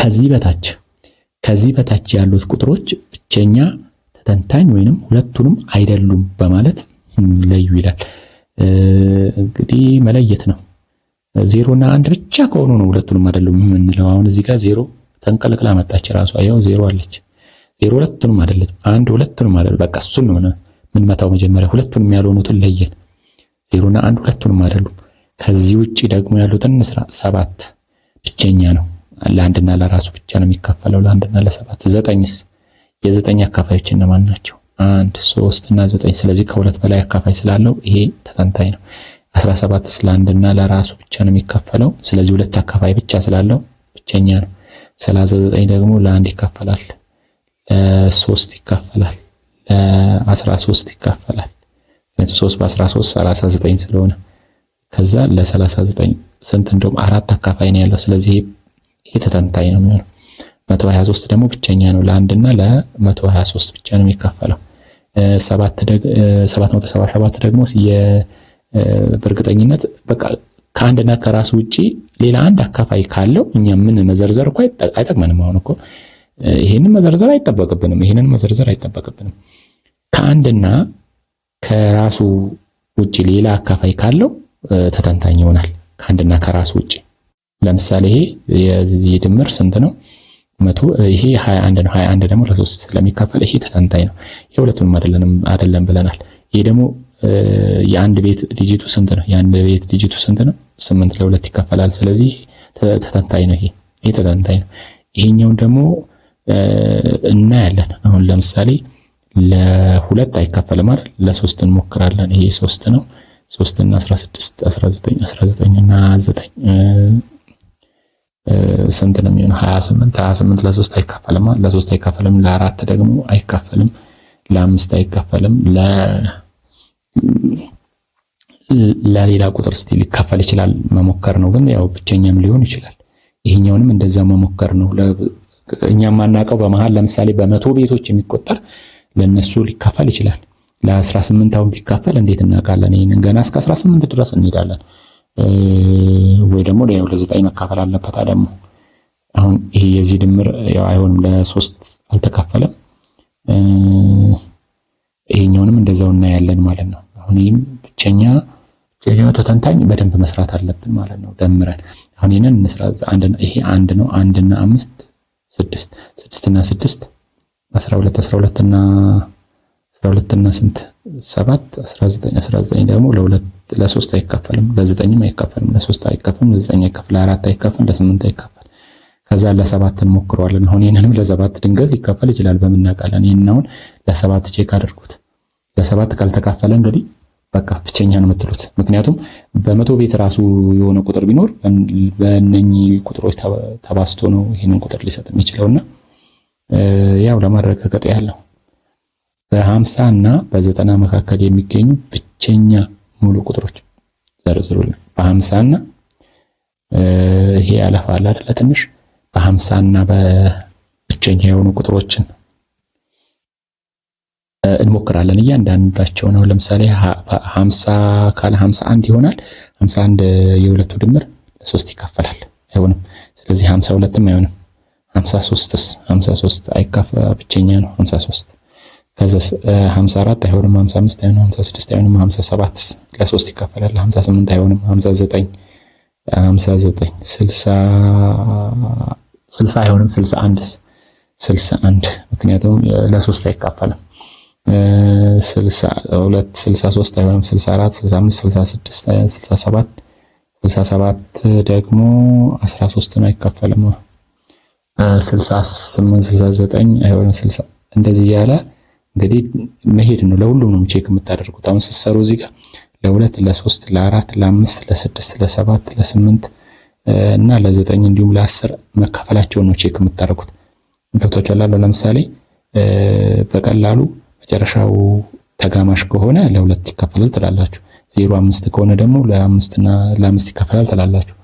ከዚህ በታች ከዚህ በታች ያሉት ቁጥሮች ብቸኛ ተተንታኝ ወይንም ሁለቱንም አይደሉም በማለት ለዩ ይላል። እንግዲህ መለየት ነው። ዜሮ እና አንድ ብቻ ከሆኑ ነው ሁለቱንም አይደሉም የምንለው። አሁን እዚህ ጋር ዜሮ ተንቀልቅላ መጣች ራሷ ያው ዜሮ አለች። ዜሮ ሁለቱንም አይደለች፣ አንድ ሁለቱንም አይደለም። በቃ እሱን ነው ምን መታው መጀመሪያ ሁለቱንም ያልሆኑትን ለየን። ዜሮ እና አንድ ሁለቱንም አይደሉም። ከዚህ ውጪ ደግሞ ያሉትን ስራ ሰባት ብቸኛ ነው። ለአንድና ለራሱ ብቻ ነው የሚካፈለው። ለአንድና ለሰባት ዘጠኝስ? የዘጠኝ አካፋዮች እነማን ናቸው? አንድ ሶስት እና ዘጠኝ። ስለዚህ ከሁለት በላይ አካፋይ ስላለው ይሄ ተተንታኝ ነው። አስራ ሰባትስ ለአንድና ለራሱ ብቻ ነው የሚካፈለው። ስለዚህ ሁለት አካፋይ ብቻ ስላለው ብቸኛ ነው። ሰላሳ ዘጠኝ ደግሞ ለአንድ ይካፈላል፣ ለሶስት ይካፈላል፣ ለአስራ ሶስት ይካፈላል። ምክንያቱም ሶስት በአስራ ሶስት ሰላሳ ዘጠኝ ስለሆነ ከዛ ለሰላሳ ዘጠኝ ስንት እንደውም አራት አካፋይ ነው ያለው። ስለዚህ የተተንታኝ ነው የሚሆነው። 123 ደግሞ ብቸኛ ነው። ለአንድ እና ለ123 ብቻ ነው የሚካፈለው። 777 ደግሞ በእርግጠኝነት በቃ ከአንድና ከራሱ ውጪ ሌላ አንድ አካፋይ ካለው እኛ ምን መዘርዘር እኮ አይጠቅመንም። አሁን እኮ ይሄንን መዘርዘር አይጠበቅብንም። ይሄንን መዘርዘር አይጠበቅብንም። ከአንድና ከራሱ ውጪ ሌላ አካፋይ ካለው ተተንታኝ ይሆናል። ከአንድና ከራሱ ውጪ ለምሳሌ ይሄ የዚህ ድምር ስንት ነው? መቶ ይሄ 21 ነው። 21 ደግሞ ለሶስት ስለሚካፈል ይሄ ተተንታኝ ነው። የሁለቱንም አይደለም አይደለም ብለናል። ይሄ ደግሞ የአንድ ቤት ዲጂቱ ስንት ነው? የአንድ ቤት ዲጂቱ ስንት ነው? ስምንት ለሁለት ይካፈላል። ስለዚህ ተተንታኝ ነው። ይሄ ይሄ ተተንታኝ ነው። ይሄኛውን ደግሞ እናያለን። አሁን ለምሳሌ ለሁለት አይካፈልም አይደል? ለሶስት እንሞክራለን። ይሄ ሶስት ነው። ሶስት እና 16 19 19 እና 9 ስንት ነው የሚሆነው? 28 28 ለሶስት አይካፈልም። ለሶስት አይካፈልም። ለአራት ደግሞ አይካፈልም። ለአምስት አይካፈልም። ለ ለሌላ ቁጥር ስቲ ሊካፈል ይችላል። መሞከር ነው ግን ያው ብቸኛም ሊሆን ይችላል። ይሄኛውንም እንደዛ መሞከር ነው። እኛ የማናውቀው በመሃል ለምሳሌ በመቶ ቤቶች የሚቆጠር ለነሱ ሊካፈል ይችላል። ለ18 አሁን ቢካፈል እንዴት እናውቃለን? ይሄንን ገና እስከ 18 ድረስ እንሄዳለን። ወይ ደግሞ ያው ለዘጠኝ መካፈል አለበታ ደግሞ አሁን ይሄ የዚህ ድምር ያው አይሆንም፣ ለሶስት አልተካፈለም። ይሄኛውንም እንደዛው እናያለን ማለት ነው። አሁን ይህም ብቸኛ ብቸኛው ተተንታኝ በደንብ መስራት አለብን ማለት ነው። ደምረን አሁን ይሄንን እንስራ። ይሄ አንድ ነው። አንድና አምስት ስድስት፣ ስድስትና ስድስት አስራ ሁለት አስራ ሁለት እና አስራ ሁለት እና ስንት ሰባት አስራ ዘጠኝ አስራ ዘጠኝ ደግሞ ለሁለት ለሶስት አይከፈልም? ለዘጠኝም አይከፈልም ለሶስት አይከፈልም ለዘጠኝ አይካፈልም፣ ለአራት አይካፈልም፣ ለስምንት አይካፈልም። ከዛ ለሰባት እንሞክረዋለን። አሁን ይህንንም ለሰባት ድንገት ሊከፈል ይችላል በምናውቃለን። ይህን አሁን ለሰባት ቼክ አድርጉት። ለሰባት ካልተካፈለ እንግዲህ በቃ ብቸኛ ነው የምትሉት። ምክንያቱም በመቶ ቤት ራሱ የሆነ ቁጥር ቢኖር በእነኚህ ቁጥሮች ተባስቶ ነው ይህንን ቁጥር ሊሰጥ የሚችለውና ያው ለማረጋገጥ ያለው በሀምሳ እና በዘጠና መካከል የሚገኙ ብቸኛ ሙሉ ቁጥሮች ዘርዝሩልን። በሀምሳ እና ይሄ አለፋ አለ አይደለ? ትንሽ በሀምሳ እና በብቸኛ የሆኑ ቁጥሮችን እንሞክራለን እያንዳንዳቸው ነው። ለምሳሌ ሀምሳ ካለ ሀምሳ አንድ ይሆናል። ሀምሳ አንድ የሁለቱ ድምር ለሶስት ይካፈላል፣ አይሆንም። ስለዚህ ሀምሳ ሁለትም አይሆንም። ሀምሳ ሶስትስ ሀምሳ ሶስት ብቸኛ ነው ሀምሳ ሶስት ከዛ 54 አይሆንም 55 አይሆንም 56 አይሆንም 57 ለሶስት ይከፈላል 58 አይሆንም 59 59 60 60 አይሆንም 61 61 ምክንያቱም ለሶስት አይካፈልም 62 63 አይሆንም 64 65 66 67 67 ደግሞ 13ን አይካፈልም 68 69 አይሆንም 60 እንደዚህ እያለ እንግዲህ መሄድ ነው። ለሁሉም ነው ቼክ የምታደርጉት። አሁን ስትሰሩ እዚህ ጋር ለሁለት፣ ለሶስት፣ ለአራት፣ ለአምስት፣ ለስድስት፣ ለሰባት፣ ለስምንት እና ለዘጠኝ እንዲሁም ለአስር መካፈላቸውን ነው ቼክ የምታደርጉት። ገብቷችኋል? ለምሳሌ በቀላሉ መጨረሻው ተጋማሽ ከሆነ ለሁለት ይከፈላል ትላላችሁ። ዜሮ አምስት ከሆነ ደግሞ ለአምስትና ለአምስት ይከፈላል ትላላችሁ።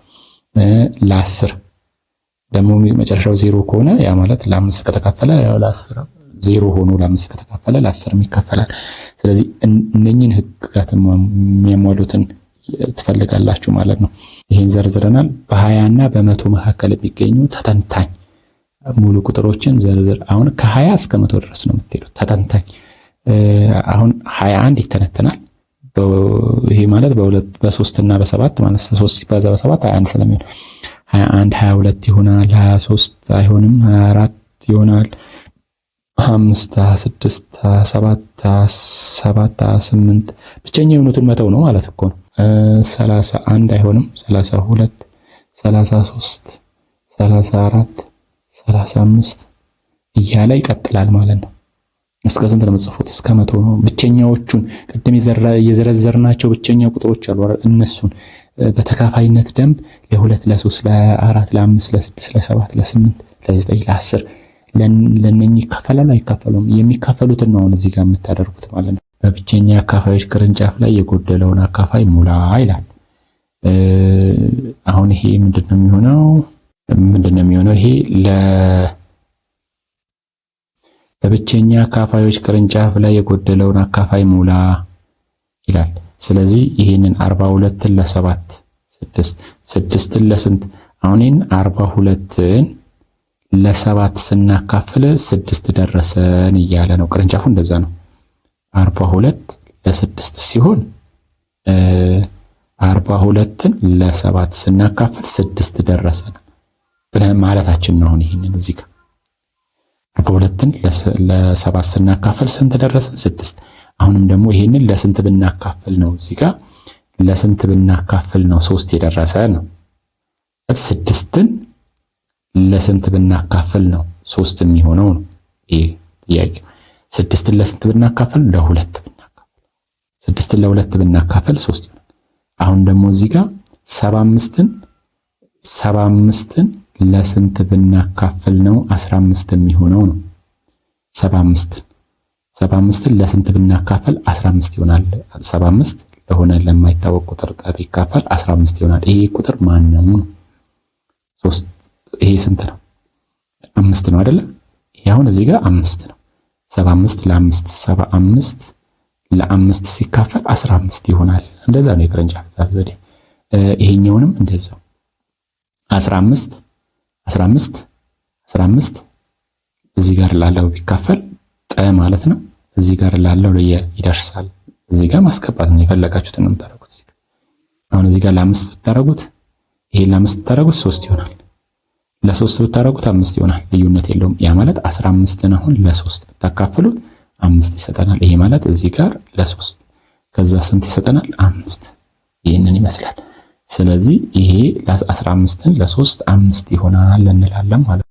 ለአስር ደግሞ መጨረሻው ዜሮ ከሆነ ያ ማለት ለአምስት ከተከፈለ ለአስር ነው። ዜሮ ሆኖ ለአምስት ከተካፈለ ለአስርም ይከፈላል ስለዚህ እነኝን ህግጋት የሚያሟሉትን ትፈልጋላችሁ ማለት ነው። ይህን ዘርዝረናል። በሀያ እና በመቶ መካከል የሚገኙ ተተንታኝ ሙሉ ቁጥሮችን ዘርዝር። አሁን ከሀያ እስከ መቶ ድረስ ነው የምትሄዱት። ተተንታኝ አሁን ሀያ አንድ ይተነትናል ይሄ ማለት በሶስት እና በሰባት ማለት ሶስት ሲባዛ በሰባት ሀያ አንድ ስለሚሆን ሀያ አንድ ሀያ ሁለት ይሆናል። ሀያ ሶስት አይሆንም። ሀያ አራት ይሆናል። አምስት ስድስት ሰባት ሰባት ስምንት ብቸኛ የሆኑትን መተው ነው ማለት እኮ ነው። ሰላሳ አንድ አይሆንም። ሰላሳ ሁለት ሰላሳ ሶስት ሰላሳ አራት ሰላሳ አምስት እያለ ይቀጥላል ማለት ነው። እስከ ስንት ነው የምጽፉት? እስከ መቶ ነው። ብቸኛዎቹን ቅድም የዘረዘርናቸው ብቸኛ ቁጥሮች አሉ። እነሱን በተካፋይነት ደንብ ለሁለት ለሶስት ለአራት ለአምስት ለስድስት ለሰባት ለስምንት ለዘጠኝ ለአስር ለእነኚህ ይካፈላሉ አይካፈሉም? የሚካፈሉትን ነው አሁን እዚህ ጋር የምታደርጉት ማለት ነው። በብቸኛ አካፋዮች ቅርንጫፍ ላይ የጎደለውን አካፋይ ሙላ ይላል። አሁን ይሄ ምንድን ነው የሚሆነው? ምንድን ነው የሚሆነው? ይሄ ለ በብቸኛ አካፋዮች ቅርንጫፍ ላይ የጎደለውን አካፋይ ሙላ ይላል። ስለዚህ ይሄንን 42ን 6 6 ስድስትን ለስንት አሁን ይሄን 42ን ለሰባት ስናካፍል ስድስት ደረሰን እያለ ነው። ቅርንጫፉ እንደዛ ነው። አርባ ሁለት ለስድስት ሲሆን አርባ ሁለትን ለሰባት ስናካፍል ስድስት ደረሰን ብለህ ማለታችን ነው። አሁን ይህንን እዚህ ጋር አርባ ሁለትን ለሰባት ስናካፍል ስንት ደረሰን? ስድስት። አሁንም ደግሞ ይህንን ለስንት ብናካፍል ነው? እዚህ ጋር ለስንት ብናካፍል ነው? ሶስት የደረሰ ነው። ስድስትን ለስንት ብናካፍል ነው ሶስት የሚሆነው ነው ይሄ ጥያቄ። ስድስትን ለስንት ብናካፍል ለሁለት ብናካፍል ስድስትን ለሁለት ብናካፍል ሶስት ይሆናል። አሁን ደግሞ እዚህ ጋር ሰባ አምስትን ሰባ አምስትን ለስንት ብናካፍል ነው አስራ አምስት የሚሆነው ነው ሰባ አምስትን ሰባ አምስትን ለስንት ብናካፈል አስራ አምስት ይሆናል። ሰባ አምስት ለሆነ ለማይታወቅ ቁጥር ጠብ አስራ አምስት ይሆናል። ይሄ ቁጥር ማን ነው? ሶስት ይሄ ስንት ነው? አምስት ነው አይደለም? ይሄ አሁን እዚህ ጋር አምስት ነው። 75 ለ5 ሰባ አምስት ለአምስት ሲካፈል 15 ይሆናል። እንደዛ ነው የቅርንጫፍ ዛፍ ዘዴ። ይሄኛውንም እንደዛው 15 15 15 እዚህ ጋር ላለው ቢካፈል ጠ ማለት ነው። እዚህ ጋር ላለው ይደርሳል። እዚህ ጋር ማስገባት ነው የፈለጋችሁትን ነው የምታደርጉት። አሁን እዚህ ጋር ለአምስት ብታደርጉት ይሄን ለአምስት ብታደርጉት ሶስት ይሆናል። ለሶስት ብታደርጉት አምስት ይሆናል። ልዩነት የለውም። ያ ማለት አስራ አምስትን አሁን ለሶስት ብታካፍሉት አምስት ይሰጠናል። ይሄ ማለት እዚህ ጋር ለሶስት ከዛ ስንት ይሰጠናል? አምስት። ይህንን ይመስላል። ስለዚህ ይሄ አስራ አምስትን ለሶስት አምስት ይሆናል እንላለን ማለት